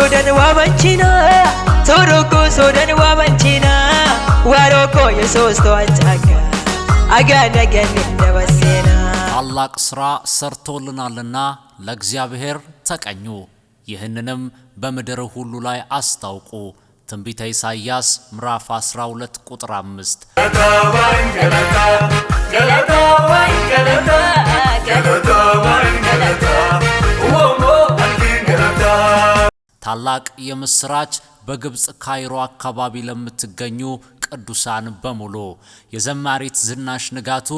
sodan wamanchina ቶሮኮ ሶደን ዋመንቺና ዋሮኮ የሶስት ዋንጫጋ አጋነገን እንደበሴና ታላቅ ስራ ሰርቶልናልና ለእግዚአብሔር ተቀኙ፣ ይህንንም በምድር ሁሉ ላይ አስታውቁ። ትንቢተ ኢሳይያስ ምዕራፍ 12 ቁጥር 5 ታላቅ የምስራች በግብፅ ካይሮ አካባቢ ለምትገኙ ቅዱሳን በሙሉ የዘማሪት ዝናሽ ንጋቱ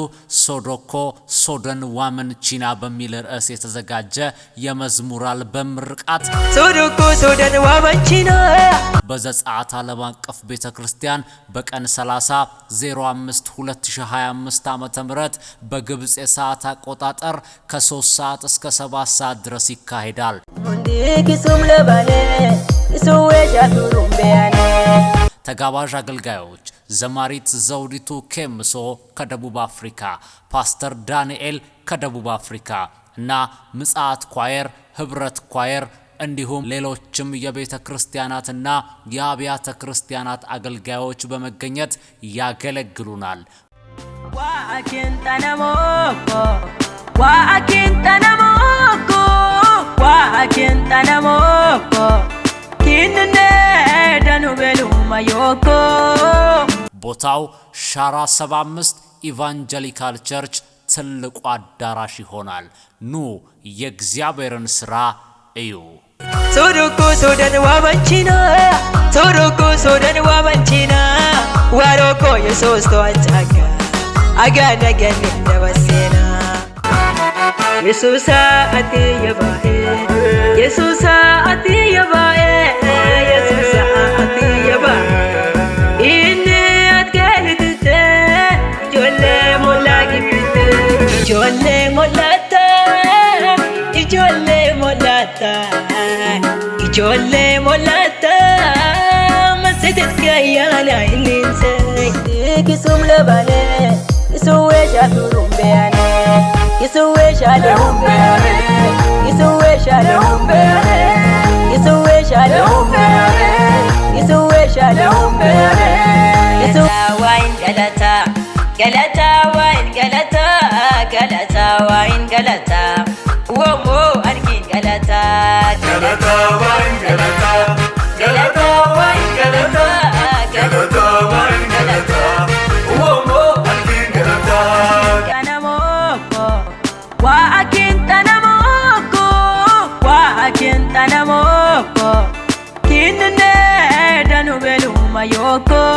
ሶዶኮ ሶደን ዋመን ቺና በሚል ርዕስ የተዘጋጀ የመዝሙር አልበም ምርቃት ሶዶኮ ሶደን ዋመን ቺና በዘጸአት ዓለም አቀፍ ቤተ ክርስቲያን በቀን 30 05 2025 ዓ ም በግብፅ የሰዓት አቆጣጠር ከ3 ሰዓት እስከ 7 ሰዓት ድረስ ይካሄዳል። ተጋባዥ አገልጋዮች ዘማሪት ዘውዲቱ ኬምሶ ከደቡብ አፍሪካ፣ ፓስተር ዳንኤል ከደቡብ አፍሪካ እና ምጽአት ኳየር፣ ህብረት ኳየር እንዲሁም ሌሎችም የቤተ ክርስቲያናትና የአብያተ ክርስቲያናት አገልጋዮች በመገኘት ያገለግሉናል። ዋአኪን ጠነሞ cinta nama okko kinnine ቦታው ሻራ 75 ኢቫንጀሊካል ቸርች ትልቁ አዳራሽ ይሆናል። ኑ የእግዚአብሔርን ስራ እዩ። ሶዶኮ ሶደን ዋበንቺና ሶዶኮ ሶደን ዋበንቺና ዋሮኮ አጋነገን የሱሳ አቴ የባሄ molata, ijoollee molata, ijoollee molata, masjidit gayyaana illiinse. Kisum labane, kisum weeshaa turumbeeyane, kisum weeshaale humbeeyane, kisum weeshaale humbeeyane, kisum weeshaale humbeeyane, kisum weeshaale humbeeyane. Galataa waa'in galataa, galataa waa'in galataa. galata waayin galata womo arkin galata galata waayin galata galata waayin galata galata waayin galata womo arkin galata tanamoko waa akin tanamoko waa akin tanamoko kinne danubeluma yoko